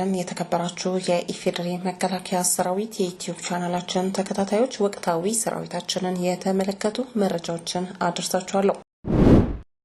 እንደምንዋላለን የተከበራችሁ የኢፌዴሪ መከላከያ ሰራዊት የዩትዩብ ቻናላችን ተከታታዮች ወቅታዊ ሰራዊታችንን የተመለከቱ መረጃዎችን አድርሳችኋለሁ።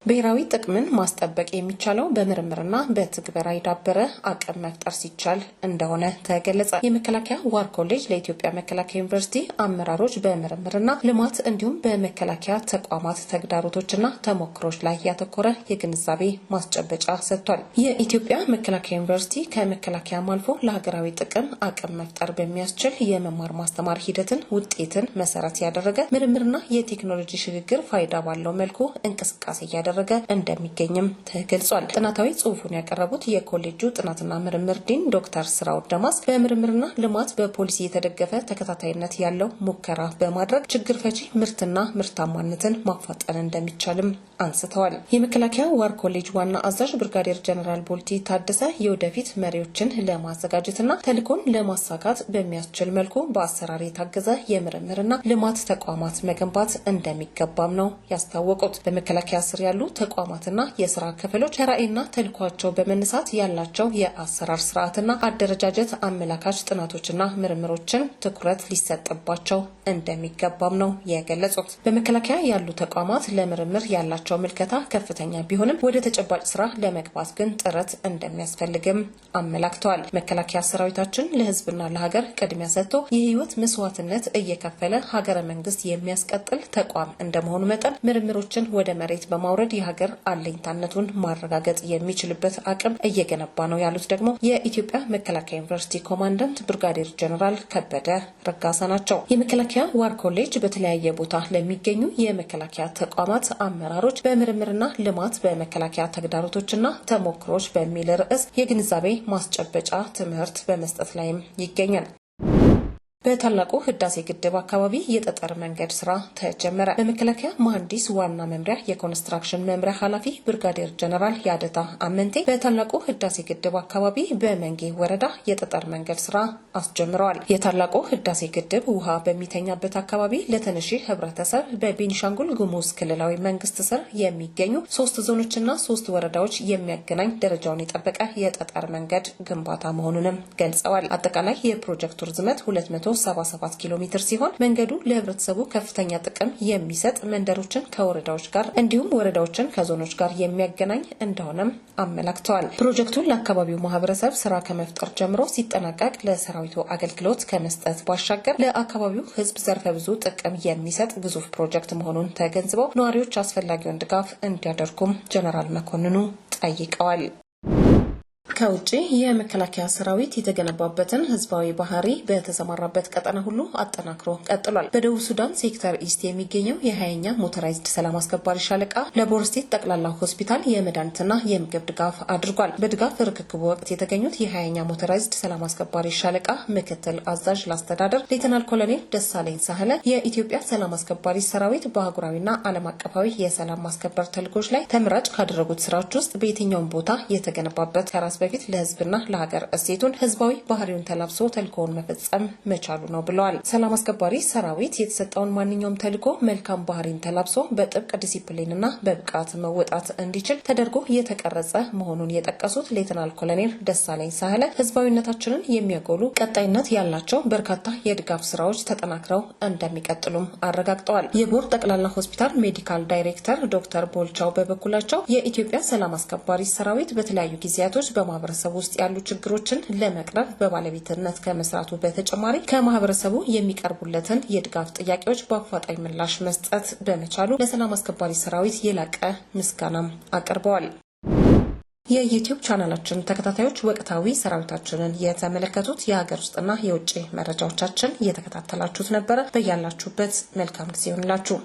ብሔራዊ ጥቅምን ማስጠበቅ የሚቻለው በምርምርና በትግበራ የዳበረ አቅም መፍጠር ሲቻል እንደሆነ ተገለጸ። የመከላከያ ዋር ኮሌጅ ለኢትዮጵያ መከላከያ ዩኒቨርሲቲ አመራሮች በምርምርና ልማት እንዲሁም በመከላከያ ተቋማት ተግዳሮቶችና ተሞክሮች ላይ ያተኮረ የግንዛቤ ማስጨበጫ ሰጥቷል። የኢትዮጵያ መከላከያ ዩኒቨርሲቲ ከመከላከያም አልፎ ለሀገራዊ ጥቅም አቅም መፍጠር በሚያስችል የመማር ማስተማር ሂደትን ውጤትን መሰረት ያደረገ ምርምርና የቴክኖሎጂ ሽግግር ፋይዳ ባለው መልኩ እንቅስቃሴ እያደረገ እየተደረገ እንደሚገኝም ተገልጿል። ጥናታዊ ጽሁፉን ያቀረቡት የኮሌጁ ጥናትና ምርምር ዲን ዶክተር ስራው ደማስ በምርምርና ልማት በፖሊሲ የተደገፈ ተከታታይነት ያለው ሙከራ በማድረግ ችግር ፈቺ ምርትና ምርታማነትን ማፋጠን እንደሚቻልም አንስተዋል። የመከላከያ ዋር ኮሌጅ ዋና አዛዥ ብርጋዴር ጀነራል ቦልቲ ታደሰ የወደፊት መሪዎችን ለማዘጋጀትና ተልእኮን ለማሳካት በሚያስችል መልኩ በአሰራር የታገዘ የምርምርና ልማት ተቋማት መገንባት እንደሚገባም ነው ያስታወቁት። በመከላከያ ስር ያሉ ያሉ ተቋማትና የስራ ክፍሎች ራዕይና ተልኳቸው በመነሳት ያላቸው የአሰራር ስርዓትና አደረጃጀት አመላካች ጥናቶችና ምርምሮችን ትኩረት ሊሰጥባቸው እንደሚገባም ነው የገለጹት። በመከላከያ ያሉ ተቋማት ለምርምር ያላቸው ምልከታ ከፍተኛ ቢሆንም ወደ ተጨባጭ ስራ ለመግባት ግን ጥረት እንደሚያስፈልግም አመላክተዋል። መከላከያ ሰራዊታችን ለህዝብና ለሀገር ቅድሚያ ሰጥቶ የህይወት መስዋዕትነት እየከፈለ ሀገረ መንግስት የሚያስቀጥል ተቋም እንደመሆኑ መጠን ምርምሮችን ወደ መሬት በማውረድ የሀገር አለኝታነቱን ማረጋገጥ የሚችልበት አቅም እየገነባ ነው ያሉት ደግሞ የኢትዮጵያ መከላከያ ዩኒቨርሲቲ ኮማንደንት ብርጋዴር ጀነራል ከበደ ረጋሳ ናቸው። የመከላከያ ዋር ኮሌጅ በተለያየ ቦታ ለሚገኙ የመከላከያ ተቋማት አመራሮች በምርምርና ልማት በመከላከያ ተግዳሮቶችና ተሞክሮች በሚል ርዕስ የግንዛቤ ማስጨበጫ ትምህርት በመስጠት ላይም ይገኛል። በታላቁ ህዳሴ ግድብ አካባቢ የጠጠር መንገድ ስራ ተጀመረ። በመከላከያ መሐንዲስ ዋና መምሪያ የኮንስትራክሽን መምሪያ ኃላፊ ብርጋዴር ጀነራል ያደታ አመንቴ በታላቁ ህዳሴ ግድብ አካባቢ በመንጌ ወረዳ የጠጠር መንገድ ስራ አስጀምረዋል። የታላቁ ህዳሴ ግድብ ውሃ በሚተኛበት አካባቢ ለተነሺ ህብረተሰብ በቤኒሻንጉል ጉሙዝ ክልላዊ መንግስት ስር የሚገኙ ሶስት ዞኖችና ሶስት ወረዳዎች የሚያገናኝ ደረጃውን የጠበቀ የጠጠር መንገድ ግንባታ መሆኑንም ገልጸዋል። አጠቃላይ የፕሮጀክቱ ርዝመት ሁለት መቶ 77 ኪሎ ሜትር ሲሆን መንገዱ ለህብረተሰቡ ከፍተኛ ጥቅም የሚሰጥ መንደሮችን ከወረዳዎች ጋር እንዲሁም ወረዳዎችን ከዞኖች ጋር የሚያገናኝ እንደሆነም አመላክተዋል። ፕሮጀክቱን ለአካባቢው ማህበረሰብ ስራ ከመፍጠር ጀምሮ ሲጠናቀቅ ለሰራዊቱ አገልግሎት ከመስጠት ባሻገር ለአካባቢው ህዝብ ዘርፈ ብዙ ጥቅም የሚሰጥ ግዙፍ ፕሮጀክት መሆኑን ተገንዝበው ነዋሪዎች አስፈላጊውን ድጋፍ እንዲያደርጉም ጀነራል መኮንኑ ጠይቀዋል። ከውጭ የመከላከያ ሰራዊት የተገነባበትን ህዝባዊ ባህሪ በተሰማራበት ቀጠና ሁሉ አጠናክሮ ቀጥሏል። በደቡብ ሱዳን ሴክተር ኢስት የሚገኘው የሀያኛ ሞተራይዝድ ሰላም አስከባሪ ሻለቃ ለቦርስቴት ጠቅላላ ሆስፒታል የመድኃኒትና የምግብ ድጋፍ አድርጓል። በድጋፍ ርክክቡ ወቅት የተገኙት የሀያኛ ሞተራይዝድ ሰላም አስከባሪ ሻለቃ ምክትል አዛዥ ላስተዳደር ሌተናል ኮሎኔል ደሳለኝ ሳህለ የኢትዮጵያ ሰላም አስከባሪ ሰራዊት በአህጉራዊና ዓለም አቀፋዊ የሰላም ማስከበር ተልእኮች ላይ ተመራጭ ካደረጉት ስራዎች ውስጥ በየትኛውም ቦታ የተገነባበት ከራስ በፊት ለህዝብና ለሀገር እሴቱን ህዝባዊ ባህሪውን ተላብሶ ተልኮውን መፈጸም መቻሉ ነው ብለዋል። ሰላም አስከባሪ ሰራዊት የተሰጠውን ማንኛውም ተልኮ መልካም ባህሪን ተላብሶ በጥብቅ ዲሲፕሊንና በብቃት መወጣት እንዲችል ተደርጎ የተቀረጸ መሆኑን የጠቀሱት ሌተናል ኮሎኔል ደሳለኝ ሳህለ ህዝባዊነታችንን የሚያጎሉ ቀጣይነት ያላቸው በርካታ የድጋፍ ስራዎች ተጠናክረው እንደሚቀጥሉም አረጋግጠዋል። የቦር ጠቅላላ ሆስፒታል ሜዲካል ዳይሬክተር ዶክተር ቦልቻው በበኩላቸው የኢትዮጵያ ሰላም አስከባሪ ሰራዊት በተለያዩ ጊዜያቶች በማ በማህበረሰቡ ውስጥ ያሉ ችግሮችን ለመቅረብ በባለቤትነት ከመስራቱ በተጨማሪ ከማህበረሰቡ የሚቀርቡለትን የድጋፍ ጥያቄዎች በአፋጣኝ ምላሽ መስጠት በመቻሉ ለሰላም አስከባሪ ሰራዊት የላቀ ምስጋናም አቅርበዋል። የዩቲዩብ ቻናላችን ተከታታዮች ወቅታዊ ሰራዊታችንን የተመለከቱት የሀገር ውስጥና የውጭ መረጃዎቻችን እየተከታተላችሁት ነበረ። በያላችሁበት መልካም ጊዜ ይሆንላችሁ።